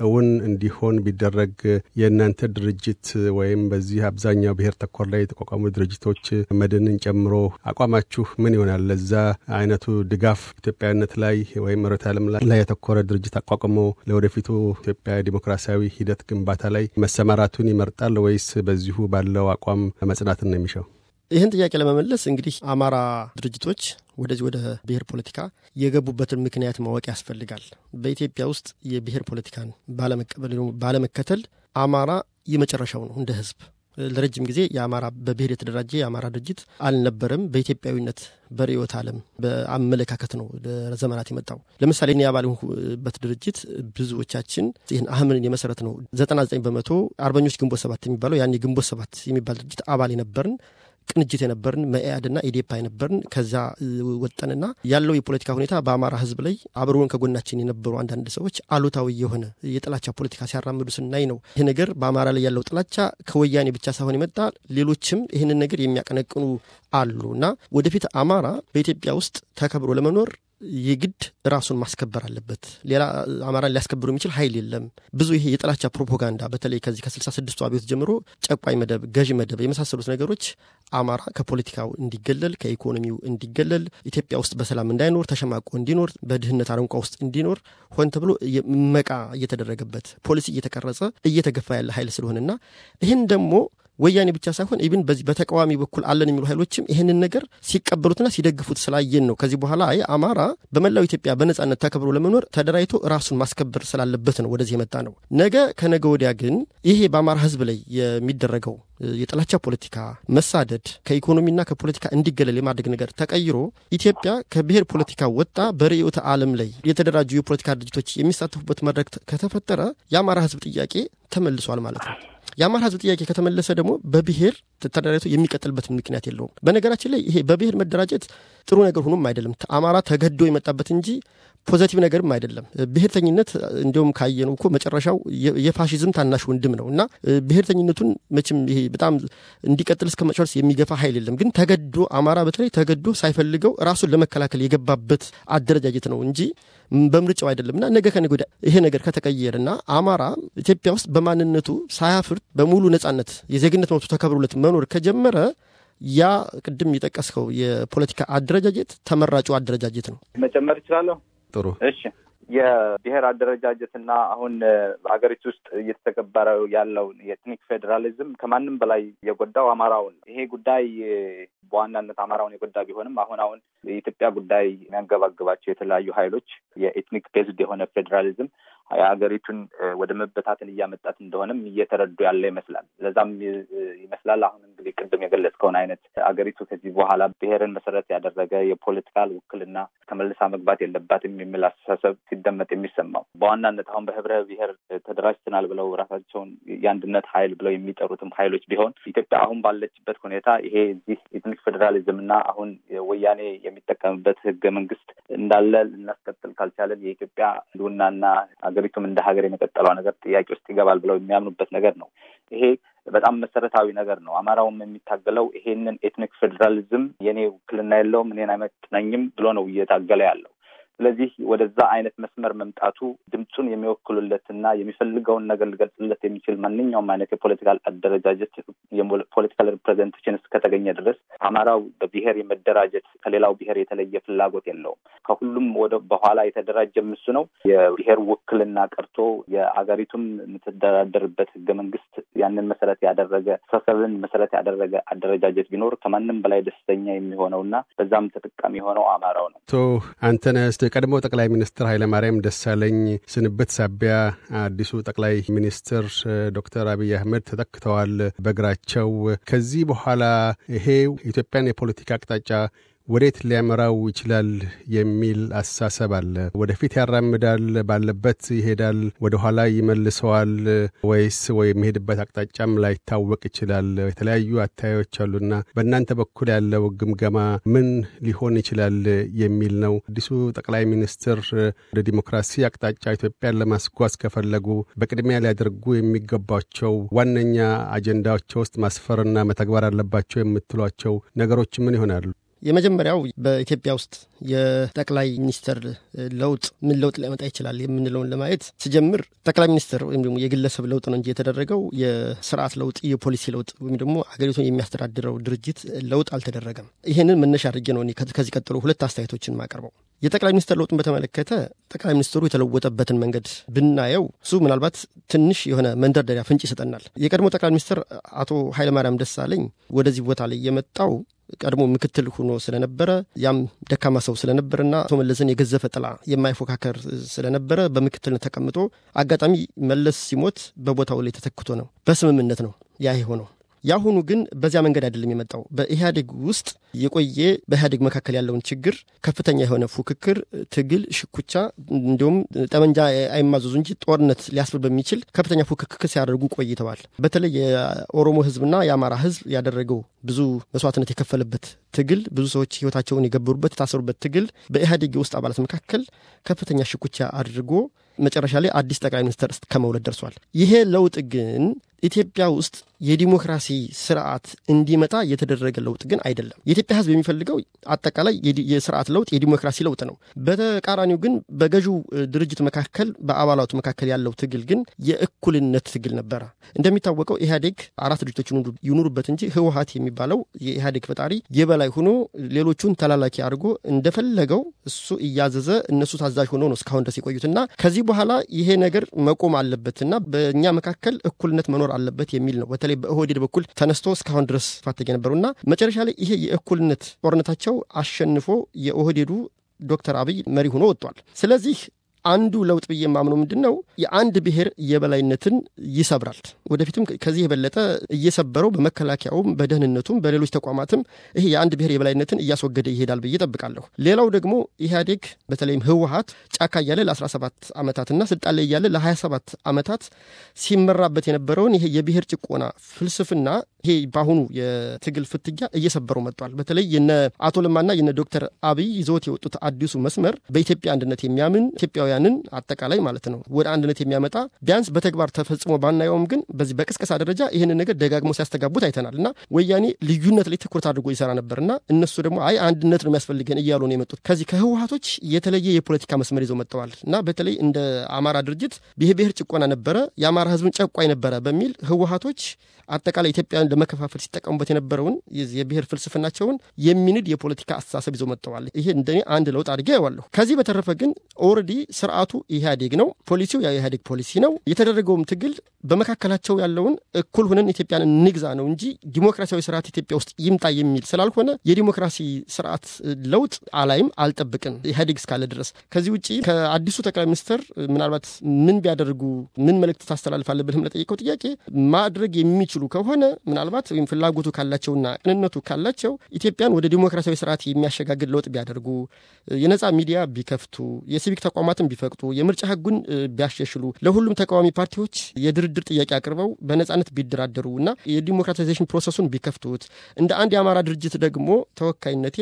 እውን እንዲሆን ቢደረግ የእናንተ ድርጅት ወይም በዚህ አብዛኛው ብሔር ተኮር ላይ የተቋቋሙ ድርጅቶች መድንን ጨምሮ አቋማችሁ ምን ይሆናል? ለዛ አይነቱ ድጋፍ ኢትዮጵያዊነት ላይ ወይም ረት ዓለም ላይ የተኮረ ድርጅት አቋቁሞ ለወደፊቱ በኢትዮጵያ ዲሞክራሲያዊ ሂደት ግንባታ ላይ መሰማራቱን ይመርጣል ወይስ በዚሁ ባለው አቋም መጽናትን ነው የሚሻው? ይህን ጥያቄ ለመመለስ እንግዲህ አማራ ድርጅቶች ወደዚህ ወደ ብሔር ፖለቲካ የገቡበትን ምክንያት ማወቅ ያስፈልጋል። በኢትዮጵያ ውስጥ የብሔር ፖለቲካን ባለመቀበል ባለመከተል አማራ የመጨረሻው ነው እንደ ህዝብ ለረጅም ጊዜ የአማራ በብሔር የተደራጀ የአማራ ድርጅት አልነበረም። በኢትዮጵያዊነት በርዕዮተ ዓለም በአመለካከት ነው ለዘመናት የመጣው። ለምሳሌ እኔ አባል የሆንኩበት ድርጅት ብዙዎቻችን ይህን አህምን የመሰረት ነው። ዘጠና ዘጠኝ በመቶ አርበኞች ግንቦት ሰባት የሚባለው ያኔ ግንቦት ሰባት የሚባል ድርጅት አባል የነበርን ቅንጅት የነበርን መኢአድና ኢዴፓ የነበርን ከዛ ወጠንና ያለው የፖለቲካ ሁኔታ በአማራ ህዝብ ላይ አብረውን ከጎናችን የነበሩ አንዳንድ ሰዎች አሉታዊ የሆነ የጥላቻ ፖለቲካ ሲያራምዱ ስናይ ነው። ይህ ነገር በአማራ ላይ ያለው ጥላቻ ከወያኔ ብቻ ሳይሆን የመጣ ሌሎችም ይህንን ነገር የሚያቀነቅኑ አሉ እና ወደፊት አማራ በኢትዮጵያ ውስጥ ተከብሮ ለመኖር የግድ ራሱን ማስከበር አለበት። ሌላ አማራን ሊያስከብሩ የሚችል ኃይል የለም። ብዙ ይሄ የጥላቻ ፕሮፓጋንዳ በተለይ ከዚህ ከስልሳ ስድስቱ አብዮት ጀምሮ ጨቋኝ መደብ፣ ገዢ መደብ የመሳሰሉት ነገሮች አማራ ከፖለቲካው እንዲገለል፣ ከኢኮኖሚው እንዲገለል፣ ኢትዮጵያ ውስጥ በሰላም እንዳይኖር፣ ተሸማቆ እንዲኖር፣ በድህነት አረንቋ ውስጥ እንዲኖር ሆን ተብሎ መቃ እየተደረገበት ፖሊሲ እየተቀረጸ እየተገፋ ያለ ኃይል ስለሆነና ይህን ደግሞ ወያኔ ብቻ ሳይሆን ኢብን በዚህ በተቃዋሚ በኩል አለን የሚሉ ኃይሎችም ይህንን ነገር ሲቀበሉትና ሲደግፉት ስላየን ነው። ከዚህ በኋላ አይ አማራ በመላው ኢትዮጵያ በነጻነት ተከብሮ ለመኖር ተደራጅቶ ራሱን ማስከበር ስላለበት ነው ወደዚህ የመጣ ነው። ነገ ከነገ ወዲያ ግን ይሄ በአማራ ህዝብ ላይ የሚደረገው የጥላቻ ፖለቲካ መሳደድ ከኢኮኖሚና ከፖለቲካ እንዲገለል የማድረግ ነገር ተቀይሮ ኢትዮጵያ ከብሔር ፖለቲካ ወጣ በርዕዮተ ዓለም ላይ የተደራጁ የፖለቲካ ድርጅቶች የሚሳተፉበት መድረክ ከተፈጠረ የአማራ ህዝብ ጥያቄ ተመልሷል ማለት ነው። የአማራ ህዝብ ጥያቄ ከተመለሰ ደግሞ በብሄር ተደራጅቶ የሚቀጥልበት ምክንያት የለውም። በነገራችን ላይ ይሄ በብሄር መደራጀት ጥሩ ነገር ሆኖም አይደለም። አማራ ተገዶ የመጣበት እንጂ ፖዘቲቭ ነገርም አይደለም። ብሄርተኝነት እንዲሁም ካየነው እኮ መጨረሻው የፋሽዝም ታናሽ ወንድም ነው እና ብሔርተኝነቱን መችም ይሄ በጣም እንዲቀጥል እስከ መጨረስ የሚገፋ ሀይል የለም። ግን ተገዶ አማራ በተለይ ተገዶ ሳይፈልገው ራሱን ለመከላከል የገባበት አደረጃጀት ነው እንጂ በምርጫው አይደለም እና ነገ ከነገ ወዲያ ይሄ ነገር ከተቀየረና አማራ ኢትዮጵያ ውስጥ በማንነቱ ሳያፍርት በሙሉ ነጻነት የዜግነት መብቱ ተከብሮለት መኖር ከጀመረ ያ ቅድም የጠቀስከው የፖለቲካ አደረጃጀት ተመራጩ አደረጃጀት ነው። መጨመር ይችላለሁ። ጥሩ እሺ። የብሔር አደረጃጀትና አሁን ሀገሪቱ ውስጥ እየተተገበረ ያለውን የኤትኒክ ፌዴራሊዝም ከማንም በላይ የጎዳው አማራውን። ይሄ ጉዳይ በዋናነት አማራውን የጎዳ ቢሆንም አሁን አሁን የኢትዮጵያ ጉዳይ የሚያንገባግባቸው የተለያዩ ኃይሎች የኤትኒክ ቤዝድ የሆነ ፌዴራሊዝም የሀገሪቱን ወደ መበታተን እያመጣት እንደሆነም እየተረዱ ያለ ይመስላል። ለዛም ይመስላል አሁን እንግዲህ ቅድም የገለጽከውን አይነት አገሪቱ ከዚህ በኋላ ብሔርን መሰረት ያደረገ የፖለቲካል ውክልና ተመልሳ መግባት የለባትም የሚል አስተሳሰብ ሲደመጥ የሚሰማው በዋናነት አሁን በህብረ ብሔር ተደራጅተናል ብለው ራሳቸውን የአንድነት ኃይል ብለው የሚጠሩትም ኃይሎች ቢሆን ኢትዮጵያ አሁን ባለችበት ሁኔታ ይሄ እዚህ ፌዴራሊዝም ፌዴራሊዝምና አሁን ወያኔ የሚጠቀምበት ህገ መንግስት እንዳለ ልናስቀጥል ካልቻለን የኢትዮጵያ ህልውናና ሀገሪቱም እንደ ሀገር የመቀጠሏ ነገር ጥያቄ ውስጥ ይገባል ብለው የሚያምኑበት ነገር ነው። ይሄ በጣም መሰረታዊ ነገር ነው። አማራውም የሚታገለው ይሄንን ኤትኒክ ፌዴራሊዝም የኔ ውክልና የለውም እኔን አይመጥነኝም ብሎ ነው እየታገለ ያለው። ስለዚህ ወደዛ አይነት መስመር መምጣቱ ድምፁን የሚወክሉለትና የሚፈልገውን ነገር ሊገልጽለት የሚችል ማንኛውም አይነት የፖለቲካል አደረጃጀት የፖለቲካል ሪፕሬዘንቴሽን እስከተገኘ ድረስ አማራው በብሔር የመደራጀት ከሌላው ብሔር የተለየ ፍላጎት የለውም። ከሁሉም ወደ በኋላ የተደራጀ ምሱ ነው። የብሔር ውክልና ቀርቶ የአገሪቱም የምትደራደርበት ህገ መንግስት ያንን መሰረት ያደረገ ሰሰብን መሰረት ያደረገ አደረጃጀት ቢኖር ከማንም በላይ ደስተኛ የሚሆነውና በዛም ተጠቃሚ የሆነው አማራው ነው። አንተነ በቀድሞው ጠቅላይ ሚኒስትር ኃይለማርያም ደሳለኝ ስንብት ሳቢያ አዲሱ ጠቅላይ ሚኒስትር ዶክተር አብይ አህመድ ተተክተዋል በእግራቸው። ከዚህ በኋላ ይሄ ኢትዮጵያን የፖለቲካ አቅጣጫ ወዴት ሊያመራው ይችላል የሚል አስተሳሰብ አለ። ወደፊት ያራምዳል፣ ባለበት ይሄዳል፣ ወደኋላ ይመልሰዋል ወይስ የሚሄድበት አቅጣጫም ላይታወቅ ይችላል። የተለያዩ አታዮች አሉና በእናንተ በኩል ያለው ግምገማ ምን ሊሆን ይችላል የሚል ነው። አዲሱ ጠቅላይ ሚኒስትር ወደ ዲሞክራሲ አቅጣጫ ኢትዮጵያን ለማስጓዝ ከፈለጉ በቅድሚያ ሊያደርጉ የሚገባቸው ዋነኛ አጀንዳዎች ውስጥ ማስፈርና መተግበር አለባቸው የምትሏቸው ነገሮች ምን ይሆናሉ? የመጀመሪያው በኢትዮጵያ ውስጥ የጠቅላይ ሚኒስትር ለውጥ ምን ለውጥ ሊያመጣ ይችላል የምንለውን ለማየት ስጀምር ጠቅላይ ሚኒስትር ወይም ደግሞ የግለሰብ ለውጥ ነው እንጂ የተደረገው የስርዓት ለውጥ፣ የፖሊሲ ለውጥ ወይም ደግሞ ሀገሪቱን የሚያስተዳድረው ድርጅት ለውጥ አልተደረገም። ይህንን መነሻ አድርጌ ነው ከዚህ ቀጥሎ ሁለት አስተያየቶችን ማቀርበው። የጠቅላይ ሚኒስትር ለውጥን በተመለከተ ጠቅላይ ሚኒስትሩ የተለወጠበትን መንገድ ብናየው እሱ ምናልባት ትንሽ የሆነ መንደርደሪያ ፍንጭ ይሰጠናል። የቀድሞ ጠቅላይ ሚኒስትር አቶ ኃይለማርያም ደሳለኝ ወደዚህ ቦታ ላይ የመጣው ቀድሞ ምክትል ሆኖ ስለነበረ ያም ደካማ ሰው ስለነበርና አቶ መለስን የገዘፈ ጥላ የማይፎካከር ስለነበረ በምክትል ተቀምጦ አጋጣሚ መለስ ሲሞት በቦታው ላይ ተተክቶ ነው። በስምምነት ነው ያ የሆነው። የአሁኑ ግን በዚያ መንገድ አይደለም የመጣው። በኢህአዴግ ውስጥ የቆየ በኢህአዴግ መካከል ያለውን ችግር ከፍተኛ የሆነ ፉክክር፣ ትግል፣ ሽኩቻ እንዲሁም ጠመንጃ አይማዘዙ እንጂ ጦርነት ሊያስብል በሚችል ከፍተኛ ፉክክር ሲያደርጉ ቆይተዋል። በተለይ የኦሮሞ ህዝብና የአማራ ህዝብ ያደረገው ብዙ መስዋዕትነት የከፈለበት ትግል፣ ብዙ ሰዎች ህይወታቸውን የገበሩበት የታሰሩበት ትግል በኢህአዴግ ውስጥ አባላት መካከል ከፍተኛ ሽኩቻ አድርጎ መጨረሻ ላይ አዲስ ጠቅላይ ሚኒስትር ከመውለድ ደርሷል። ይሄ ለውጥ ግን ኢትዮጵያ ውስጥ የዲሞክራሲ ስርዓት እንዲመጣ የተደረገ ለውጥ ግን አይደለም። የኢትዮጵያ ህዝብ የሚፈልገው አጠቃላይ የስርዓት ለውጥ የዲሞክራሲ ለውጥ ነው። በተቃራኒው ግን በገዢው ድርጅት መካከል በአባላቱ መካከል ያለው ትግል ግን የእኩልነት ትግል ነበረ። እንደሚታወቀው ኢህአዴግ አራት ድርጅቶች ይኑሩበት እንጂ ህወሀት የሚባለው የኢህአዴግ ፈጣሪ የበላይ ሆኖ ሌሎቹን ተላላኪ አድርጎ እንደፈለገው እሱ እያዘዘ እነሱ ታዛዥ ሆኖ ነው እስካሁን ድረስ የቆዩትና ከዚህ በኋላ ይሄ ነገር መቆም አለበትና በእኛ መካከል እኩልነት መኖር አለበት የሚል ነው። በተለይ በኦህዴድ በኩል ተነስቶ እስካሁን ድረስ ፋተግ የነበሩና መጨረሻ ላይ ይሄ የእኩልነት ጦርነታቸው አሸንፎ የኦህዴዱ ዶክተር አብይ መሪ ሆኖ ወጥቷል። ስለዚህ አንዱ ለውጥ ብዬ የማምነው ምንድን ነው የአንድ ብሔር የበላይነትን ይሰብራል። ወደፊትም ከዚህ የበለጠ እየሰበረው በመከላከያውም፣ በደህንነቱም፣ በሌሎች ተቋማትም ይሄ የአንድ ብሔር የበላይነትን እያስወገደ ይሄዳል ብዬ ጠብቃለሁ። ሌላው ደግሞ ኢህአዴግ በተለይም ህወሀት ጫካ እያለ ለ17 ዓመታትና ስልጣን ላይ እያለ ለ27 ዓመታት ሲመራበት የነበረውን ይሄ የብሔር ጭቆና ፍልስፍና ይሄ በአሁኑ የትግል ፍትጊያ እየሰበሩ መጥቷል። በተለይ የነ አቶ ለማና የነ ዶክተር አብይ ይዘውት የወጡት አዲሱ መስመር በኢትዮጵያ አንድነት የሚያምን ኢትዮጵያውያንን አጠቃላይ ማለት ነው ወደ አንድነት የሚያመጣ ቢያንስ በተግባር ተፈጽሞ ባናየውም ግን በዚህ በቅስቀሳ ደረጃ ይህንን ነገር ደጋግሞ ሲያስተጋቡት አይተናል። እና ወያኔ ልዩነት ላይ ትኩረት አድርጎ ይሰራ ነበር እና እነሱ ደግሞ አይ አንድነት ነው የሚያስፈልገን እያሉ ነው የመጡት። ከዚህ ከህወሀቶች የተለየ የፖለቲካ መስመር ይዘው መጥተዋል እና በተለይ እንደ አማራ ድርጅት ብሄር ብሔር ጭቆና ነበረ፣ የአማራ ህዝብን ጨቋኝ ነበረ በሚል ህወሀቶች አጠቃላይ ኢትዮጵያን ኢትዮጵያን ለመከፋፈል ሲጠቀሙበት የነበረውን የብሔር ፍልስፍናቸውን የሚንድ የፖለቲካ አስተሳሰብ ይዘው መጥተዋል። ይሄ እንደኔ አንድ ለውጥ አድርጌ አየዋለሁ። ከዚህ በተረፈ ግን ኦልሬዲ ስርዓቱ ኢህአዴግ ነው፣ ፖሊሲው ኢህአዴግ ፖሊሲ ነው። የተደረገውም ትግል በመካከላቸው ያለውን እኩል ሆነን ኢትዮጵያን እንግዛ ነው እንጂ ዲሞክራሲያዊ ስርዓት ኢትዮጵያ ውስጥ ይምጣ የሚል ስላልሆነ የዲሞክራሲ ስርዓት ለውጥ አላይም አልጠብቅም ኢህአዴግ እስካለ ድረስ። ከዚህ ውጭ ከአዲሱ ጠቅላይ ሚኒስትር ምናልባት ምን ቢያደርጉ ምን መልእክት ታስተላልፋለህ ብለህም ለጠየቀው ጥያቄ ማድረግ የሚችሉ ከሆነ ምናልባት ወይም ፍላጎቱ ካላቸውና ቅንነቱ ካላቸው ኢትዮጵያን ወደ ዲሞክራሲያዊ ስርዓት የሚያሸጋግድ ለውጥ ቢያደርጉ፣ የነፃ ሚዲያ ቢከፍቱ፣ የሲቪክ ተቋማትን ቢፈቅጡ፣ የምርጫ ህጉን ቢያሻሽሉ፣ ለሁሉም ተቃዋሚ ፓርቲዎች የድርድር ጥያቄ አቅርበው በነፃነት ቢደራደሩ እና የዲሞክራታይዜሽን ፕሮሰሱን ቢከፍቱት እንደ አንድ የአማራ ድርጅት ደግሞ ተወካይነቴ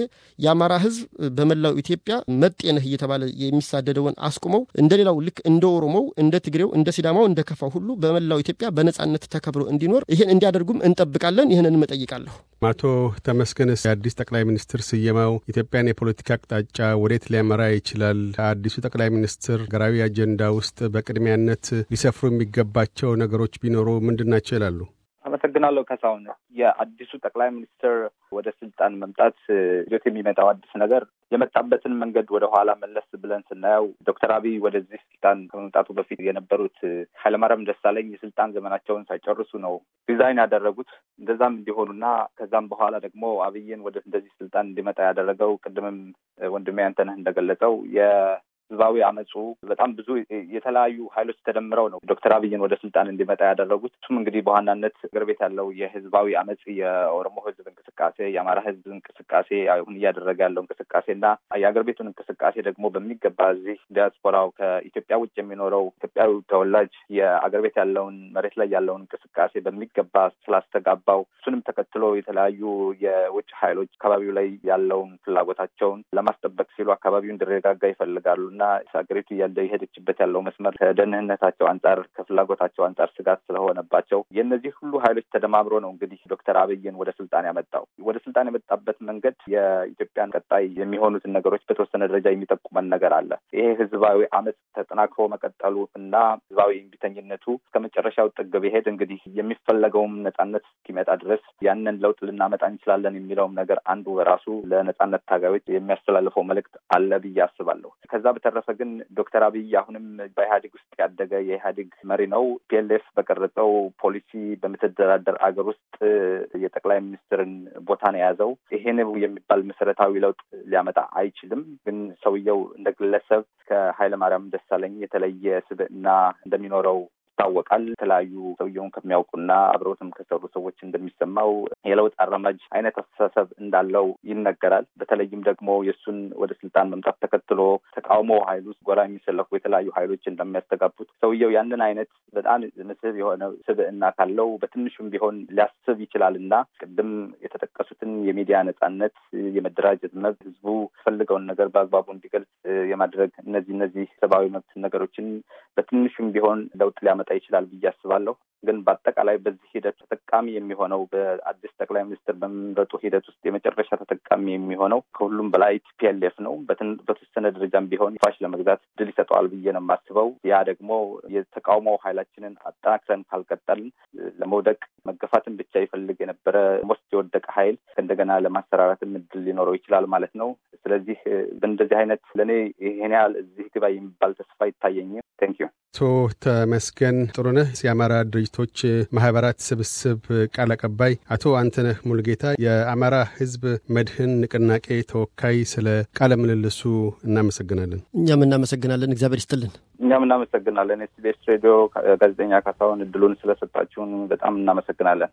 የአማራ ህዝብ በመላው ኢትዮጵያ መጤነህ እየተባለ የሚሳደደውን አስቁመው እንደሌላው ልክ እንደ ኦሮሞው፣ እንደ ትግሬው፣ እንደ ሲዳማው፣ እንደ ከፋው ሁሉ በመላው ኢትዮጵያ በነጻነት ተከብሮ እንዲኖር ይሄን እንዲያደርጉም እንጠ እንጠብቃለን። ይህንን እጠይቃለሁ። አቶ ተመስገን፣ የአዲስ ጠቅላይ ሚኒስትር ስየማው ኢትዮጵያን የፖለቲካ አቅጣጫ ወዴት ሊያመራ ይችላል? አዲሱ ጠቅላይ ሚኒስትር ሀገራዊ አጀንዳ ውስጥ በቅድሚያነት ሊሰፍሩ የሚገባቸው ነገሮች ቢኖሩ ምንድን ናቸው ይላሉ? አመሰግናለሁ ከሳሁን። የአዲሱ ጠቅላይ ሚኒስትር ወደ ስልጣን መምጣት ይዞት የሚመጣው አዲስ ነገር የመጣበትን መንገድ ወደ ኋላ መለስ ብለን ስናየው ዶክተር አብይ ወደዚህ ስልጣን ከመምጣቱ በፊት የነበሩት ኃይለማርያም ደሳለኝ የስልጣን ዘመናቸውን ሳይጨርሱ ነው ዲዛይን ያደረጉት። እንደዛም እንዲሆኑና ከዛም በኋላ ደግሞ አብይን ወደ እንደዚህ ስልጣን እንዲመጣ ያደረገው ቅድምም ወንድሜ አንተነህ እንደገለጸው ህዝባዊ አመፁ በጣም ብዙ የተለያዩ ሀይሎች ተደምረው ነው ዶክተር አብይን ወደ ስልጣን እንዲመጣ ያደረጉት። እሱም እንግዲህ በዋናነት እግር ቤት ያለው የህዝባዊ አመፅ የኦሮሞ ህዝብ እንቅስቃሴ፣ የአማራ ህዝብ እንቅስቃሴ አሁን እያደረገ ያለው እንቅስቃሴ እና የአገር ቤቱን እንቅስቃሴ ደግሞ በሚገባ እዚህ ዲያስፖራው ከኢትዮጵያ ውጭ የሚኖረው ኢትዮጵያዊ ተወላጅ የአገር ቤት ያለውን መሬት ላይ ያለውን እንቅስቃሴ በሚገባ ስላስተጋባው እሱንም ተከትሎ የተለያዩ የውጭ ሀይሎች አካባቢው ላይ ያለውን ፍላጎታቸውን ለማስጠበቅ ሲሉ አካባቢውን እንዲረጋጋ ይፈልጋሉ። እና ሀገሪቱ እያለ የሄደችበት ያለው መስመር ከደህንነታቸው አንጻር ከፍላጎታቸው አንጻር ስጋት ስለሆነባቸው የእነዚህ ሁሉ ኃይሎች ተደማምሮ ነው እንግዲህ ዶክተር አብይን ወደ ስልጣን ያመጣው። ወደ ስልጣን የመጣበት መንገድ የኢትዮጵያን ቀጣይ የሚሆኑትን ነገሮች በተወሰነ ደረጃ የሚጠቁመን ነገር አለ። ይሄ ህዝባዊ አመፅ ተጠናክሮ መቀጠሉ እና ህዝባዊ እምቢተኝነቱ ከመጨረሻው ጥግ ቢሄድ እንግዲህ የሚፈለገውም ነጻነት እስኪመጣ ድረስ ያንን ለውጥ ልናመጣ እንችላለን የሚለውም ነገር አንዱ በራሱ ለነጻነት ታጋዮች የሚያስተላልፈው መልእክት አለ ብዬ አስባለሁ። ከዛ በተረፈ ግን ዶክተር አብይ አሁንም በኢህአዴግ ውስጥ ያደገ የኢህአዴግ መሪ ነው። ፒኤልኤፍ በቀረጸው ፖሊሲ በምትደራደር አገር ውስጥ የጠቅላይ ሚኒስትርን ቦታ ነው የያዘው። ይሄን የሚባል መሰረታዊ ለውጥ ሊያመጣ አይችልም። ግን ሰውየው እንደ ግለሰብ ከኃይለማርያም ደሳለኝ የተለየ ስብዕና እንደሚኖረው ይታወቃል። የተለያዩ ሰውየውን ከሚያውቁና አብረውትም ከሰሩ ሰዎች እንደሚሰማው የለውጥ አራማጅ አይነት አስተሳሰብ እንዳለው ይነገራል። በተለይም ደግሞ የእሱን ወደ ስልጣን መምጣት ተከትሎ ተቃውሞ ኃይል ውስጥ ጎራ የሚሰለፉ የተለያዩ ኃይሎች እንደሚያስተጋቡት ሰውየው ያንን አይነት በጣም ምስብ የሆነ ስብዕና ካለው በትንሹም ቢሆን ሊያስብ ይችላል እና ቅድም የተጠቀሱትን የሚዲያ ነጻነት፣ የመደራጀት መብት፣ ህዝቡ ፈልገውን ነገር በአግባቡ እንዲገልጽ የማድረግ እነዚህ እነዚህ ሰብአዊ መብት ነገሮችን በትንሹም ቢሆን ለውጥ ሊያመጣ ሊመጣ ይችላል ብዬ አስባለሁ። ግን በአጠቃላይ በዚህ ሂደት ተጠቃሚ የሚሆነው በአዲስ ጠቅላይ ሚኒስትር በመምረጡ ሂደት ውስጥ የመጨረሻ ተጠቃሚ የሚሆነው ከሁሉም በላይ ቲፒኤልኤፍ ነው። በተወሰነ ደረጃም ቢሆን ፋሽ ለመግዛት ድል ይሰጠዋል ብዬ ነው የማስበው። ያ ደግሞ የተቃውሞ ኃይላችንን አጠናክረን ካልቀጠልን ለመውደቅ መገፋትን ብቻ ይፈልግ የነበረ ሞስት የወደቀ ኃይል እንደገና ለማሰራራትም እድል ሊኖረው ይችላል ማለት ነው። ስለዚህ በእንደዚህ አይነት ለእኔ ይሄን ያህል እዚህ ግባ የሚባል ተስፋ ይታየኝ። ቴንክ ዩ አቶ ተመስገን ጥሩነህ የአማራ ድርጅቶች ማህበራት ስብስብ ቃል አቀባይ፣ አቶ አንተነህ ሙልጌታ የአማራ ህዝብ መድህን ንቅናቄ ተወካይ፣ ስለ ቃለ ምልልሱ እናመሰግናለን። እኛም እናመሰግናለን። እግዚአብሔር ይስጥልን። እኛም እናመሰግናለን። ኤስቤስ ሬዲዮ ጋዜጠኛ ካሳሁን እድሉን ስለሰጣችሁን በጣም እናመሰግናለን።